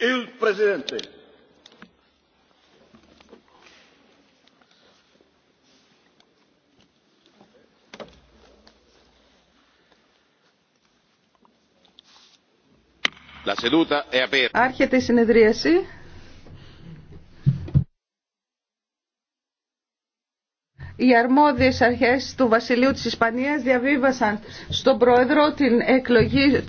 Il Presidente. La seduta è aperta. Άρχεται η συνεδρίαση. οι αρμόδιες αρχές του Βασιλείου της Ισπανίας διαβίβασαν στον Πρόεδρο την εκλογή